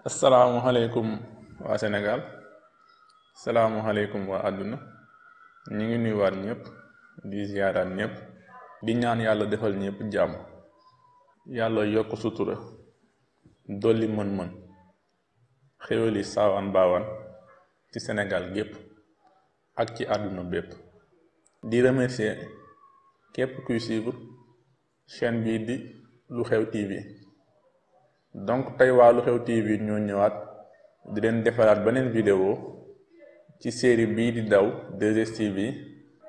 asalaamualeykum waa Sénégal salaamualeykum waa àdduna ñu ngi nuyuwaat ñépp di ziyaaraat ñëpp di ñaan yàlla defal ñëpp jàmm yàlla yokk sutura dolli mën-mën xéwali saawaan baawaan ci Sénégal gépp ak ci àdduna bépp di remercier képp kuy suivre chaîne bii di lu xew TV donc tey waa Lu Xew TV ñoo ñëwaat di leen defaraat beneen vidéo ci série bii di daw 2STV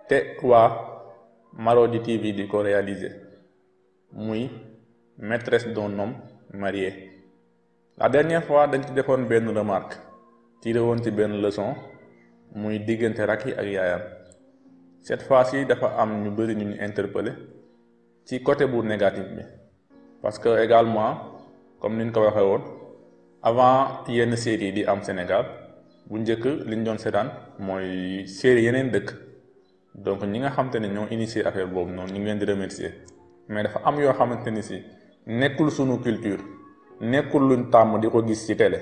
te waa Marodi TV di ko réaliser muy maîtresse d'un homme marié la dernière fois dañ ci defoon benn remarque tiré woon ci benn leson muy diggante rakk yi ak yaayam cette fois-ci dafa am ñu bëri ñu ñu interpellé ci côté bu négatif bi parce que également comme ni ñu ko waxee woon avant yenn série di am Sénégal bu njëkk liñ doon seetaan mooy série yeneen dëkk donc ñi nga xamante ne ñoo initié affaire boobu noonu ñu ngi leen di remercier mais dafa am yoo xamante ni si nekkul sunu culture nekkul luñ tàmm di ko gis ci télé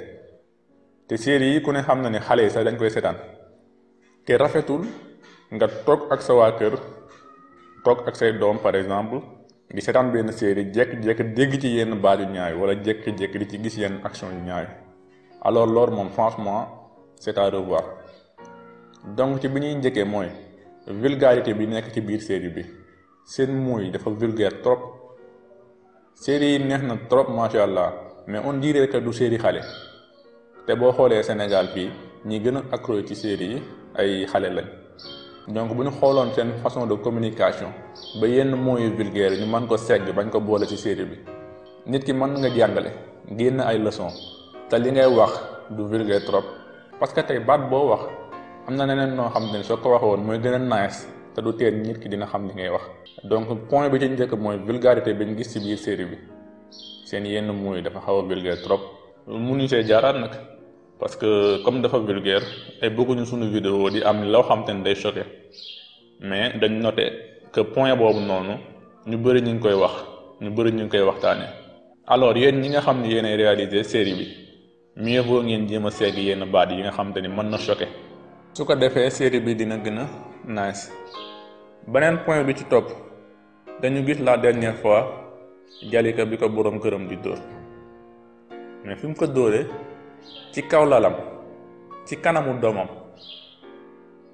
te série yi ku ne xam na ni xale yi sax dañ koy seetaan te rafetul nga toog ak sa waa kër toog ak say doom par exemple. di seetaan benn série jékki-jékki dégg ci yenn baat yu ñaaw wala jékki-jékki di ci gis yenn action yu ñaaw alors loolu moom franchement c'est à revoir donc ci bi ñuy njëkkee mooy vulgarité bi nekk ci biir série bi seen mooy dafa vulgaire trop série yi neex na trop macha allah mais on dirait du série xale te boo xoolee Sénégal fii ñi gën a accro ci série yi ay xale lañ. donc bu ñu xooloon seen façon de communication ba yenn mots yu vulgaire ñu man ko segg bañ ko boole ci série bi nit ki mën nga jàngale génn ay leçons te li ngay wax du vulgaire trop parce que tey baat boo wax am na neneen noo xam ne soo ko waxee woon mooy gën a nice te du teen nit ki dina xam li ngay wax. donc point bi ci njëkk mooy vulgarité bi ñu gis ci biir série bi seen yenn mots yi dafa xaw a vulgaire trop mënuñu see jaaraat nag. parce que comme dafa vulgaire ay bëgguñu suñu vidéo di am loo xam te ne day choqué mais dañ noté que point boobu noonu ñu bëri ñu ngi koy wax ñu bëri ñu ngi koy waxtaane alors yéen ñi nga xam ne yéenay réalisé série bi mieux vaut ngeen jéem a segg yenn baat yi nga xam te ni mën na choqué su ko defee série bi dina gën a nice beneen point bi ci topp dañu gis la dernière fois Jalika bi ko boroom këram di dóor mais fi ko dóoree ci kaw lalam ci kanamu doomam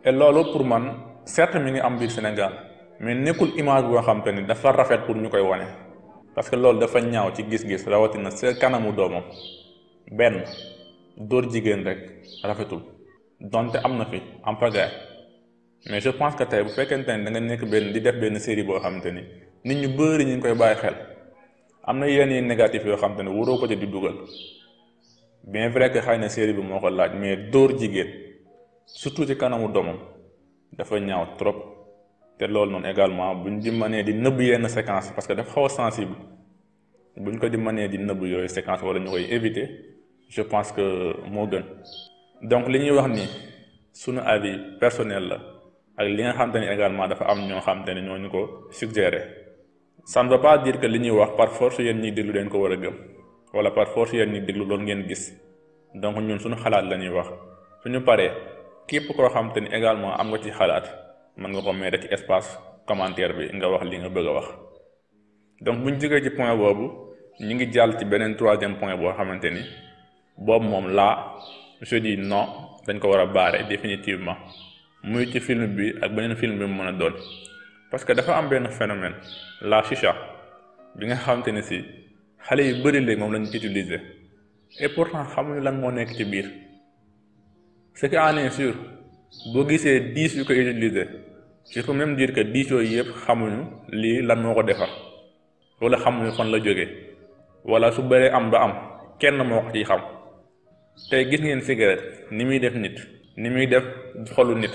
et loolu pour man certes mi ngi am biir Sénégal mais nekkul image boo xam ni dafa rafet pour ñu koy wane parce que loolu dafa ñaaw ci gis-gis rawatina sa kanamu doomam benn dóor jigéen rek rafetul donte am na fi en pagaille mais je pense que tey bu fekkente ni da nga nekk benn di def benn série boo xam ni nit ñu bëri ñu ngi koy bàyyi xel am na yenn yi négatif yoo xam te ni ko ci di dugal. bien vrai que xëy na série bi moo ko laaj mais dóor jigéen surtout ci kanamu doomam dafa ñaaw trop te loolu noonu également bu ñu di nee di nëbb yenn séquence parce que dafa xaw a sensible buñ ko di mënee di nëbb yooyu séquence wala ñu koy éviter je pense que moo gën donc li ñuy wax ni sunu avis personnel la ak li nga xamante ni également dafa am ñoo xamante ne ñoo ñu ko suggéré ça ne veut pas dire que li ñuy wax par force yéen ñi déglu leen ko war a gëm wala par force yéen ñi déglu loolu ngeen gis donc ñun suñu xalaat la ñuy wax suñu paree képp koo xam ni également am nga ci xalaat mën nga ko mettre ci espace commentaire bi nga wax li nga bëgg a wax donc buñ jógee ci point boobu ñu ngi jàll ci beneen troisième point boo xamante ni boobu moom laa je dis non dañ ko war a baare définitivement muy ci film bi ak beneen film bi mu mën a doon parce que dafa am benn phénomène la chicha bi nga xamante ni si xale yi bëri léegi moom lañu utiliser et pourtant xamuñu lan moo nekk ci biir ce qui en boo gisee dix yu ko utiliser il faut même dire que dix yooyu yëpp xamuñu lii lan moo ko defar wala xamuñu fan la jógee wala su bëree am ba am kenn moo ko ciy xam tey gis ngeen cigarette ni muy def nit ni muy def xolu nit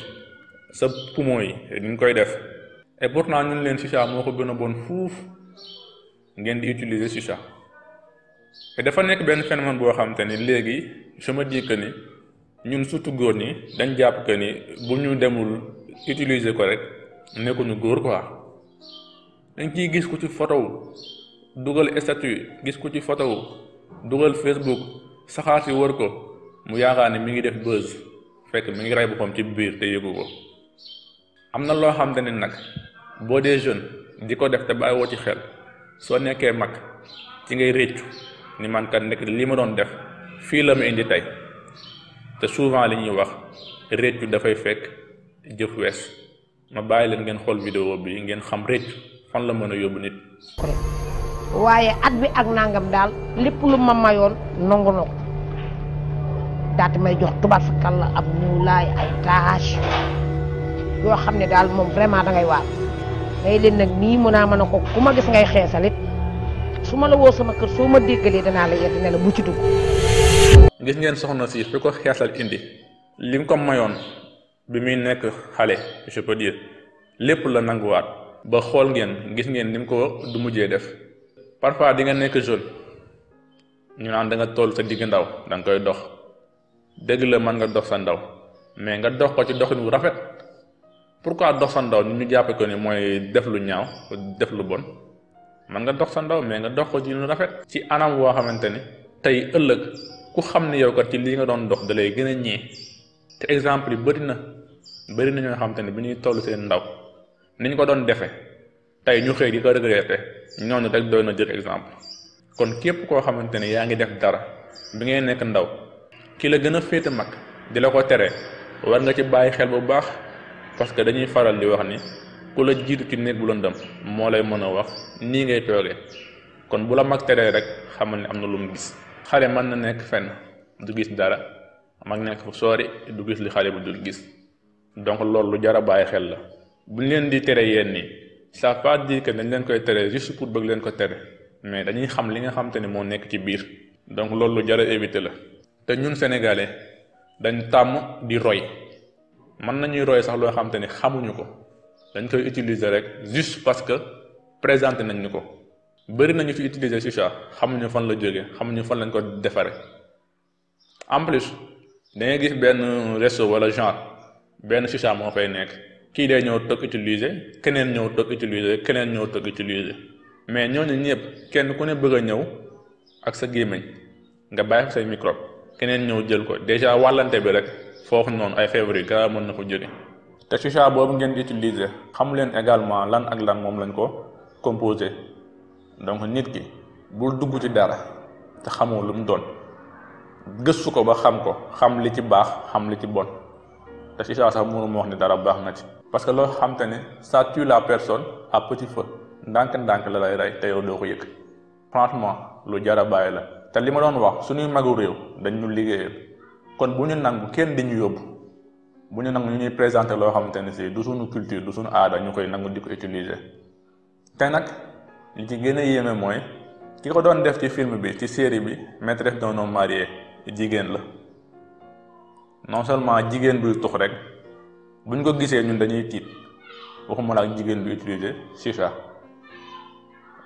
sa poumon yi ni ñu koy def et pourtant ñun leen chicha moo ko gën a bon fuuf ngeen di utiliser chicha te dafa nekk benn phénomène boo xam te ni léegi je me dis ni ñun surtout góor ni dañ jàpp que ni bu ñu demul utiliser ko rek nekkuñu góor ko dañ ciy gis ku ci photo dugal statut gis ku ci photo dugal Facebook saxaar si wër ko mu yaakaar ne mu ngi def buzz fekk mi ngi rey boppam ci biir te yëgu ko am na loo xam te ne nag boo dee jeune di ko def te bàyyiwoo ci xel soo nekkee mag ci ngay réccu ni man kat nekk li ma doon def fii la ma indi tey te souvent lañuy ñuy wax réccu dafay fekk jëf wees ma bàyyi leen ngeen xool vidéo bi ngeen xam réccu fan la mën a yóbbu nit. waaye at bi ak nangam daal lépp lu ma mayoon nangu na ko may jox tubaab fakkan la ab ñuulaay ay yoo xam ne daal moom vraiment dangay waar. day leen nag nii mën naa mën a ko ku ma gis ngay xeesalit su ma la woo sama kër soo ma déggalee danaa la yedd ne bu ci dugg. gis ngeen soxna si su ko xeesal indi li nga ko mayoon bi muy nekk xale je peux dire lépp la nanguwaat ba xool ngeen gis ngeen ni mu ko du mujjee def parfois di nga nekk jeune ñu naan danga nga toll sa digg ndaw danga koy dox dégg la mën nga dox sa ndaw mais nga dox ko ci doxin wu rafet pourquoi dox sa ndaw ñu jàppe ko ni mooy def lu ñaaw def lu bon. man nga dox sa ndaw mais nga dox ko ci lu rafet ci anam woo xamante ne tey ëllëg ku xam ne yow ko ci lii nga doon dox da gën a ñee te exemple yi bëri na bëri na ñoo xamante ne bi ñuy toll seen ndaw ni ñu ko doon defee tey ñu xëy di ko regretté ñooñu rek doy na jël exemple kon képp koo xamante ne yaa ngi def dara bi ngay nekk ndaw ki la gën a féete mag di la ko tere war nga ci bàyyi xel bu baax parce que dañuy faral di wax ni ku la jiitu ci néeg bu lëndëm moo lay mën a wax nii ngay toogee kon bu la mag teree rek xamal ne am na lu mu gis xale mën na nekk fenn du gis dara mag nekk fu sori du gis li xale bi dul gis donc lool lu jar bàyyi xel la buñ leen di tere yenn nii ça pas dire que dañ leen koy tere juste pour bëgg leen ko tere mais dañuy xam li nga xam ne moo nekk ci biir donc loolu lu jar a éviter la te ñun sénégalais dañ tàmm di roy mën nañuy roy sax loo xam te xamuñu ko dañ koy utiliser rek juste parce que présenté nañ ñu ko bëri nañu fi utiliser chicha xamuñu fan la jógee xamuñu fan lañ ko defaree en plus da ngay gis benn resto wala genre benn chicha moo fay nekk kii day ñëw toog utiliser keneen ñëw toog utiliser keneen ñëw toog utiliser mais ñooñu ñëpp kenn ku ne bëgg a ñëw ak sa gémmiñ nga bàyyi say microbe keneen ñëw jël ko déjà wàllante bi rek foofu noonu ay feebar yi garaaw mën na ko jóge te chicha boobu ngeen di utiliser xam leen également lan ak lan moom lañ ko composé donc nit ki bul dugg ci dara te xamoo lu mu doon gëstu ko ba xam ko xam li ci baax xam li ci bon te chicha sax mënuma wax ni dara baax na ci. parce que loo xam te ne ça tue la personne à petit feu ndànk-ndànk la lay rey te yow doo ko yëg franchement lu jar a bàyyi la te li ma doon wax suñuy magu réew dañ ñu liggéeyal kon bu ñu nangu kenn di ñu yóbbu. bu ñu nangu ñu ñuy présenté loo xamante ne si du suñu culture du suñu aada ñu koy nangu di ko utiliser te nag li ci gën a yéeme mooy ki ko doon def ci film bi ci série bi maîtresse d'un homme marié jigéen la non seulement jigéen buy tux rek buñ ko gisee ñun dañuy tiit waxuma la ak jigéen bi utiliser chicha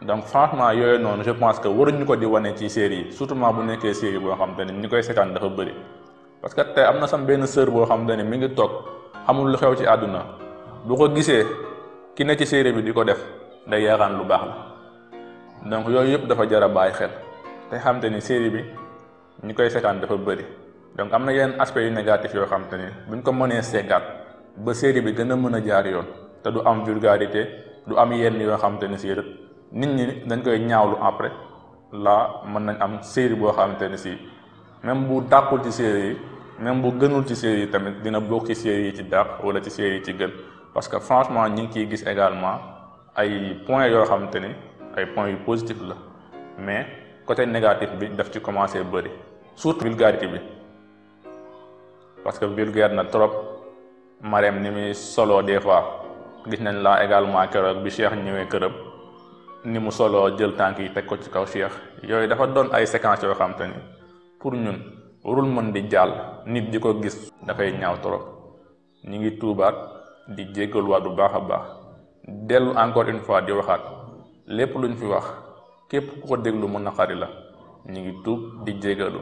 donc franchement yooyu noonu je pense que waruñu ko di wane ci série yi surtout bu nekkee série boo xam te ne ñi koy seetaan dafa bëri. parce que tey am na sam benn sœur boo xam ne mi ngi toog xamul lu xew ci àdduna bu ko gisee ki ne ci séeréer bi di ko def day yaakaan lu baax la donc yooyu yëpp dafa jar a xel te xam te ni série bi ñu koy seetaan dafa bëri donc am na yenn aspect yu négatif yoo xam ni buñ ko mënee seegaat ba série bi gën a mën a jaar yoon te du am vulgarité du am yenn yoo xam te ni si nit ñi dañ koy ñaawlu après laa mën nañ am série boo xamante ni si même bu dàqul ci série yi même bu gënul ci série tamit dina bokk ci série ci dàq wala ci série ci gën parce que franchement ñi ngi ciy gis également ay point yoo xamante ni ay points yu positif la mais côté négatif bi daf ci commencé bëri surtout vulgarité bi parce que vulgaire na trop Marème ni muy solo des fois gis nañ la également keroog bi Cheikh ñëwee këram ni mu solo jël tànk yi teg ko ci kaw Cheikh yooyu dafa doon ay séquences yoo xamante ni. pour ñun warul mën di jàll nit di ko gis dafay ñaaw trop ñu ngi tuubaat di waat bu baax a baax dellu encore une fois di waxaat lépp luñ fi wax képp ku ko déglu mu naqari la ñu ngi tuub di jéggalu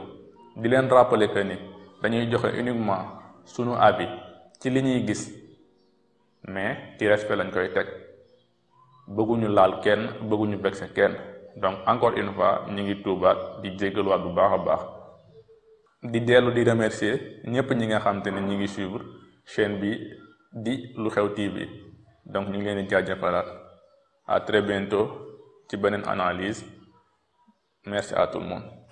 di leen rappeler que ni dañuy joxe uniquement sunu avis ci li ñuy gis mais ci respect lañ koy teg bëgguñu laal kenn bëgguñu vexé kenn donc encore une fois ñu ngi tuubaat di jéggaluwaat bu baax a baax di dellu di remercier ñëpp ñi nga xam te ne ñu ngi suivre chaîne bi di lu xew TV donc ñu ngi leen di jaajëfalaat à très bientôt ci beneen analyse merci à tout le monde.